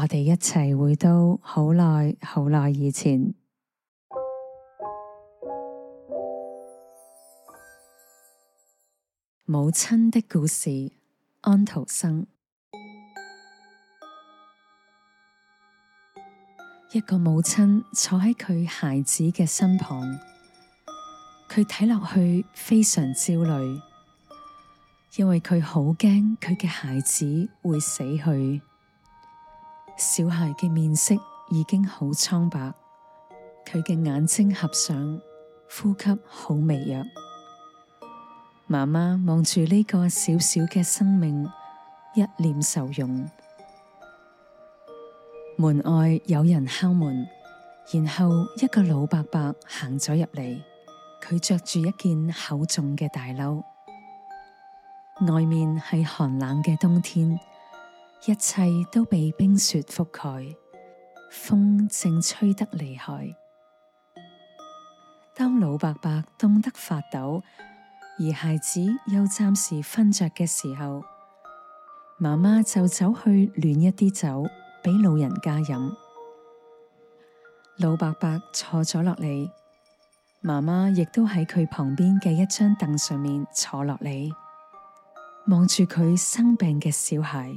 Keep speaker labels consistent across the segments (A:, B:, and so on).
A: 我哋一齊回到好耐好耐以前，母親的故事，安徒生。一個母親坐喺佢孩子嘅身旁，佢睇落去非常焦慮，因為佢好驚佢嘅孩子會死去。小孩嘅面色已經好蒼白，佢嘅眼睛合上，呼吸好微弱。媽媽望住呢個小小嘅生命，一臉愁容。門外有人敲門，然後一個老伯伯行咗入嚟，佢着住一件厚重嘅大褸。外面係寒冷嘅冬天。一切都被冰雪覆蓋，風正吹得厲害。當老伯伯凍得發抖，而孩子又暫時瞓着嘅時候，媽媽就走去暖一啲酒俾老人家飲。老伯伯坐咗落嚟，媽媽亦都喺佢旁邊嘅一張凳上面坐落嚟，望住佢生病嘅小孩。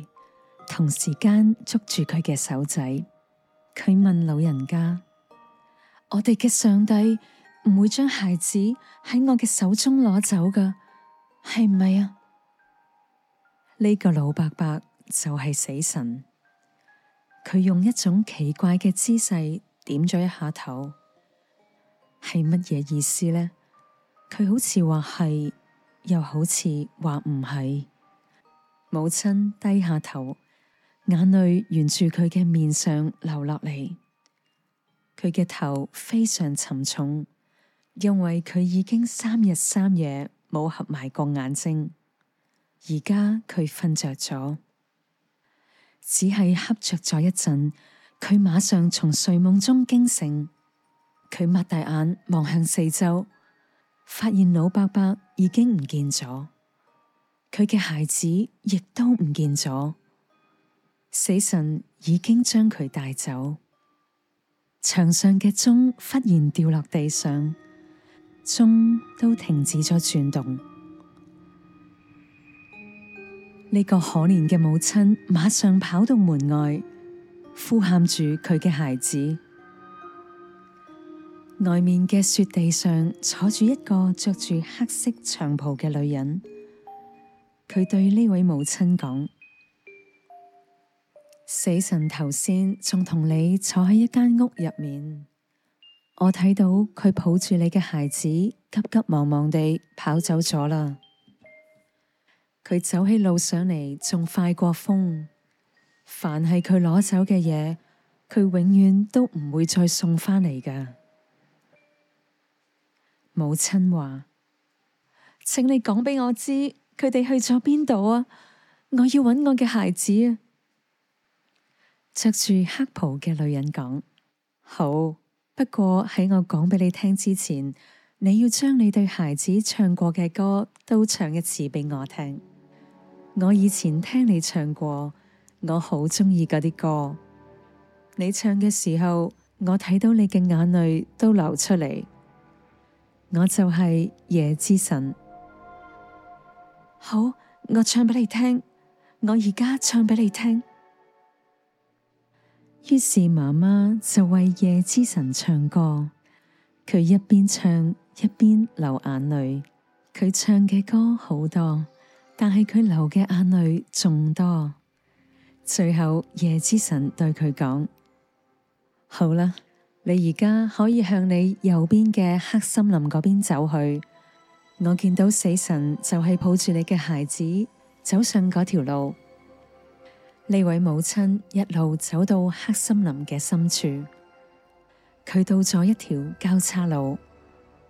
A: 同時間捉住佢嘅手仔，佢問老人家，我哋嘅上帝唔會將孩子喺我嘅手中攞走噶，係唔係啊？呢個老伯伯就係死神，佢用一種奇怪嘅姿勢點咗一下頭，係乜嘢意思呢？佢好似話係，又好似話唔係。母親低下頭。眼淚沿住佢嘅面上流落嚟，佢嘅頭非常沉重，因為佢已經三日三夜冇合埋個眼睛，而家佢瞓着咗，只係瞌着咗一陣，佢馬上從睡夢中驚醒，佢擘大眼望向四周，發現老伯伯已經唔見咗，佢嘅孩子亦都唔見咗。死神已經將佢帶走，牆上嘅鐘忽然掉落地上，鐘都停止咗轉動。呢個可憐嘅母親馬上跑到門外，呼喊住佢嘅孩子。外面嘅雪地上坐住一個着住黑色長袍嘅女人，佢對呢位母親講。死神頭先仲同你坐喺一間屋入面，我睇到佢抱住你嘅孩子，急急忙忙地跑走咗啦。佢走起路上嚟仲快過風，凡係佢攞走嘅嘢，佢永遠都唔會再送翻嚟噶。母親話：請你講畀我知佢哋去咗邊度啊！我要揾我嘅孩子啊！着住黑袍嘅女人講：好，不過喺我講畀你聽之前，你要將你對孩子唱過嘅歌都唱一次畀我聽。我以前聽你唱過，我好中意嗰啲歌。你唱嘅時候，我睇到你嘅眼淚都流出嚟。我就係夜之神。好，我唱畀你聽。我而家唱畀你聽。於是媽媽就為夜之神唱歌，佢一邊唱一邊流眼淚。佢唱嘅歌好多，但係佢流嘅眼淚仲多。最後夜之神對佢講：「好啦，你而家可以向你右邊嘅黑森林嗰邊走去。我見到死神就係抱住你嘅孩子，走上嗰條路。呢位母親一路走到黑森林嘅深處，佢到咗一條交叉路，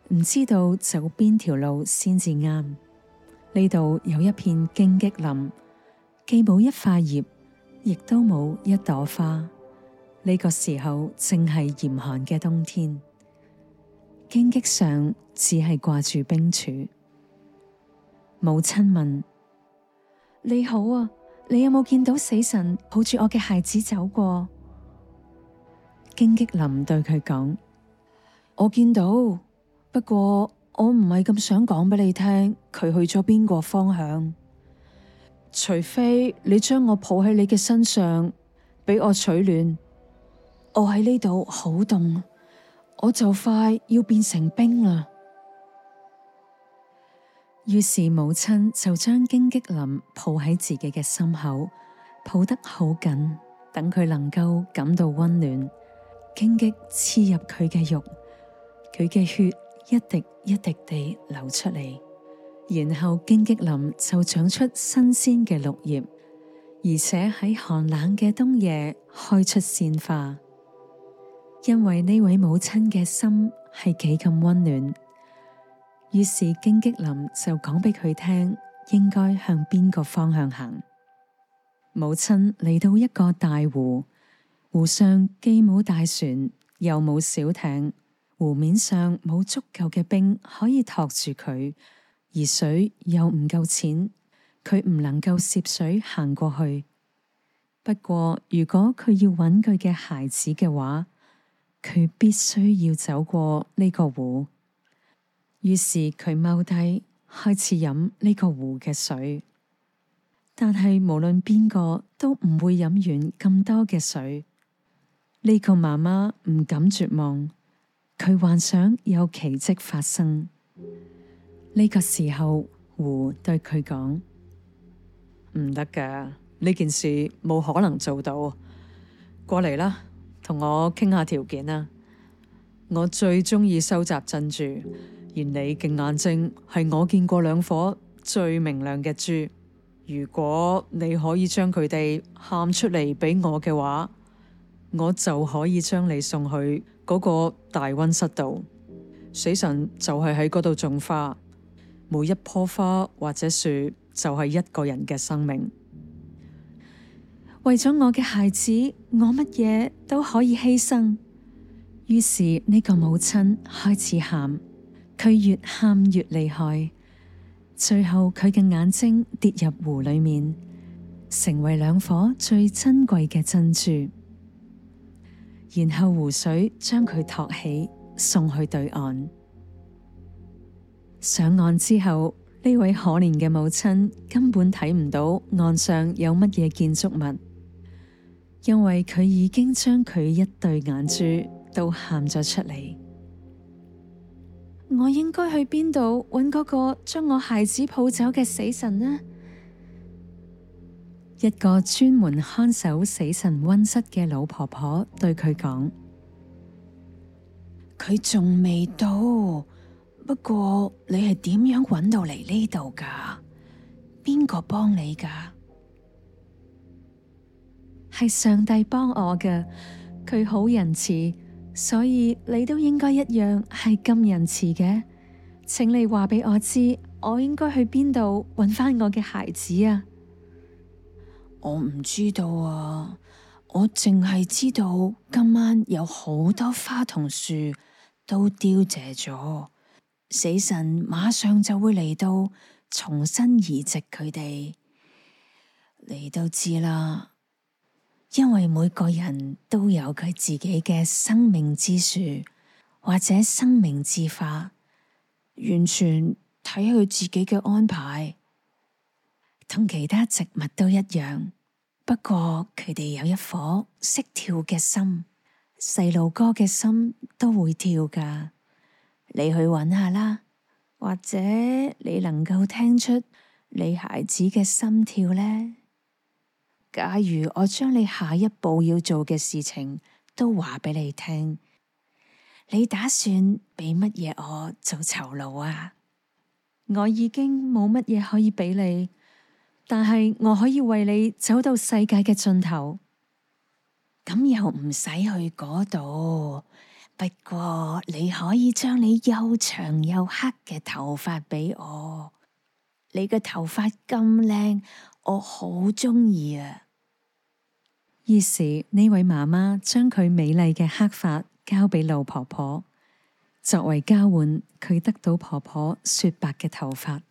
A: 唔知道走邊條路先至啱。呢度有一片荊棘林，既冇一塊葉，亦都冇一朵花。呢個時候正係嚴寒嘅冬天，荊棘上只係掛住冰柱。母親問：你好啊！你有冇見到死神抱住我嘅孩子走過？荊棘林對佢講：我見到，不過我唔係咁想講俾你聽佢去咗邊個方向，除非你將我抱喺你嘅身上俾我取暖，我喺呢度好凍，我就快要變成冰啦。於是母親就將荊棘林抱喺自己嘅心口，抱得好緊，等佢能夠感到溫暖。荊棘刺入佢嘅肉，佢嘅血一滴一滴一滴地流出嚟。然後荊棘林就長出新鮮嘅綠葉，而且喺寒冷嘅冬夜開出鮮花。因為呢位母親嘅心係幾咁溫暖。於是荊棘林就講俾佢聽，應該向邊個方向行。母親嚟到一個大湖，湖上既冇大船，又冇小艇，湖面上冇足夠嘅冰可以托住佢，而水又唔夠淺，佢唔能夠涉水行過去。不過，如果佢要揾佢嘅孩子嘅話，佢必須要走過呢個湖。於是佢踎低開始飲呢個湖嘅水，但係無論邊個都唔會飲完咁多嘅水。呢個媽媽唔敢絕望，佢幻想有奇蹟發生。呢個時候，湖對佢講：唔得噶，呢件事冇可能做到。過嚟啦，同我傾下條件啦。我最中意收集珍珠。而你嘅眼睛係我見過兩顆最明亮嘅珠。如果你可以將佢哋喊出嚟俾我嘅話，我就可以將你送去嗰個大溫室度。死神就係喺嗰度種花，每一棵花或者樹就係一個人嘅生命。為咗我嘅孩子，我乜嘢都可以犧牲。於是呢、這個母親開始喊。佢越喊越厲害，最後佢嘅眼睛跌入湖裏面，成為兩顆最珍貴嘅珍珠。然後湖水將佢托起，送去對岸。上岸之後，呢位可憐嘅母親根本睇唔到岸上有乜嘢建築物，因為佢已經將佢一對眼珠都喊咗出嚟。我應該去邊度揾嗰個將我孩子抱走嘅死神呢？一個專門看守死神温室嘅老婆婆對佢講：佢仲未到，不過你係點樣揾到嚟呢度噶？邊個幫你噶？係上帝幫我噶，佢好仁慈。所以你都應該一樣係咁仁慈嘅，請你話俾我知，我應該去邊度揾翻我嘅孩子啊？我唔知道啊，我淨係知道今晚有好多花同樹都凋謝咗，死神馬上就會嚟到重新移植佢哋，你都知啦。因為每個人都有佢自己嘅生命之樹或者生命之花，完全睇佢自己嘅安排，同其他植物都一樣。不過佢哋有一顆識跳嘅心，細路哥嘅心都會跳㗎。你去揾下啦，或者你能夠聽出你孩子嘅心跳呢。假如我將你下一步要做嘅事情都話俾你聽，你打算俾乜嘢我做酬勞啊？我已經冇乜嘢可以俾你，但係我可以為你走到世界嘅盡頭。咁又唔使去嗰度。不過你可以將你又長又黑嘅頭髮俾我，你嘅頭髮咁靚。我好鍾意啊！於是呢位媽媽將佢美麗嘅黑髮交俾老婆婆，作為交換，佢得到婆婆雪白嘅頭髮。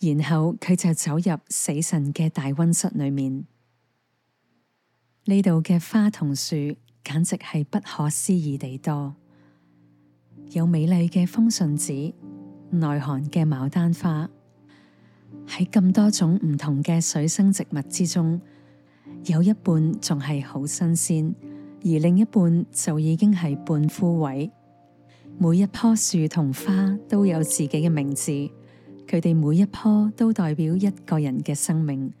A: 然後佢就走入死神嘅大溫室裏面，呢度嘅花同樹簡直係不可思議地多，有美麗嘅風信子，耐寒嘅牡丹花。喺咁多種唔同嘅水生植物之中，有一半仲係好新鮮，而另一半就已經係半枯萎。每一棵樹同花都有自己嘅名字，佢哋每一棵都代表一個人嘅生命。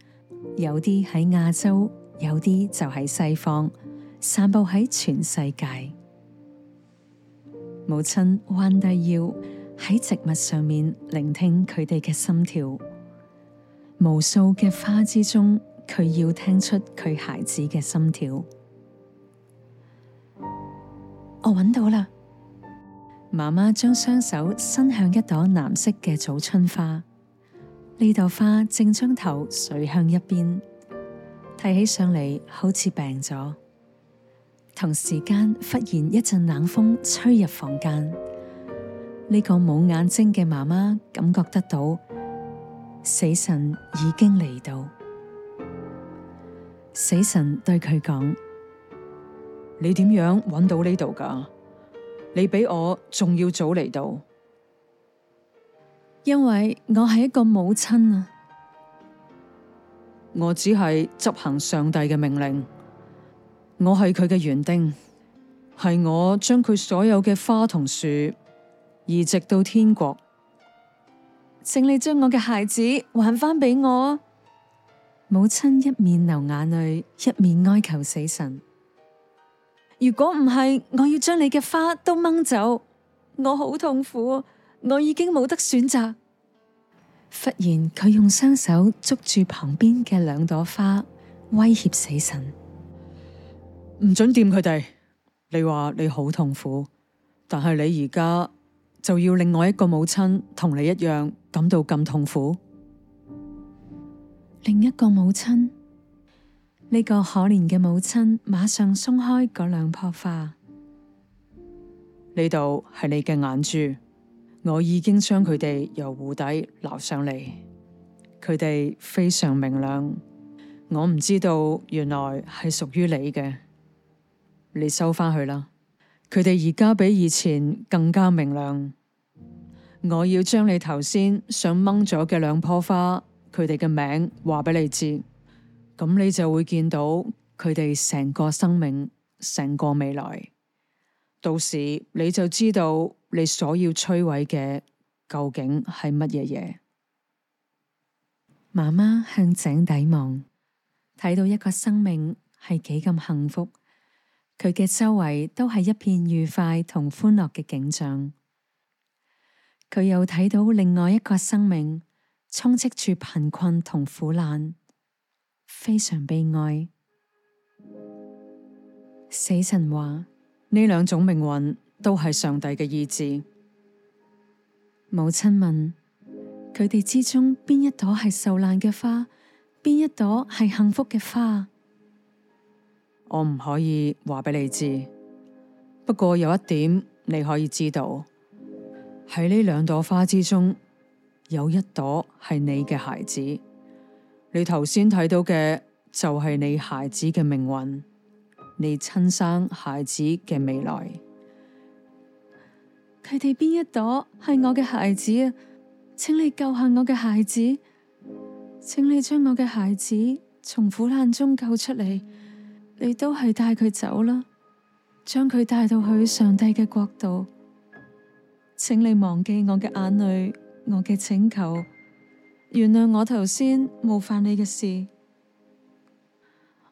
A: 有啲喺亞洲，有啲就喺西方，散布喺全世界。母親彎低腰喺植物上面聆聽佢哋嘅心跳。無數嘅花之中，佢要聽出佢孩子嘅心跳。我揾到啦！媽媽將雙手伸向一朵藍色嘅早春花，呢朵花正將頭垂向一邊，睇起上嚟好似病咗。同時間，忽然一陣冷風吹入房間，呢個冇眼睛嘅媽媽感覺得到。死神已經嚟到，死神對佢講：你點樣揾到呢度噶？你比我仲要早嚟到，因為我係一個母親啊！我只係執行上帝嘅命令，我係佢嘅園丁，係我將佢所有嘅花同樹移植到天國。請你將我嘅孩子還翻俾我。母親一面流眼淚，一面哀求死神。如果唔係，我要將你嘅花都掹走。我好痛苦，我已經冇得選擇。忽然佢用雙手捉住旁邊嘅兩朵花，威脅死神：唔准掂佢哋。你話你好痛苦，但係你而家就要另外一個母親同你一樣。感到咁痛苦。另一個母親，呢個可憐嘅母親，馬上鬆開嗰兩棵花。呢度係你嘅眼珠，我已經將佢哋由湖底撈上嚟。佢哋非常明亮，我唔知道原來係屬於你嘅。你收翻去啦。佢哋而家比以前更加明亮。我要將你頭先想掹咗嘅兩棵花，佢哋嘅名話俾你知，咁你就會見到佢哋成個生命、成個未來。到時你就知道你所要摧毀嘅究竟係乜嘢嘢。媽媽向井底望，睇到一個生命係幾咁幸福，佢嘅周圍都係一片愉快同歡樂嘅景象。佢又睇到另外一個生命充斥住貧困同苦難，非常悲哀。死神話：呢兩種命運都係上帝嘅意志。母親問：佢哋之中邊一朵係受難嘅花，邊一朵係幸福嘅花？我唔可以話俾你知，不過有一點你可以知道。喺呢兩朵花之中，有一朵係你嘅孩子。你頭先睇到嘅就係你孩子嘅命運，你親生孩子嘅未來。佢哋邊一朵係我嘅孩子啊？請你救下我嘅孩子，請你將我嘅孩子從苦難中救出嚟。你都係帶佢走啦，將佢帶到去上帝嘅國度。請你忘記我嘅眼淚，我嘅請求，原諒我頭先冒犯你嘅事。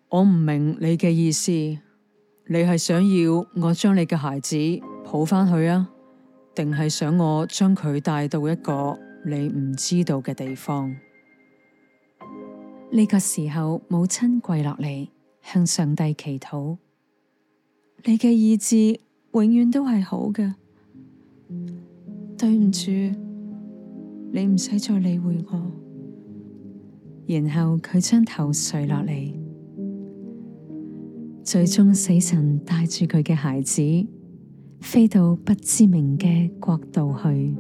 A: 我唔明你嘅意思，你係想要我將你嘅孩子抱返去啊，定係想我將佢帶到一個你唔知道嘅地方？呢個時候，母親跪落嚟向上帝祈禱，你嘅意志永遠都係好嘅。對唔住，你唔使再理會我。然後佢將頭垂落嚟，最終死神帶住佢嘅孩子飛到不知名嘅國度去。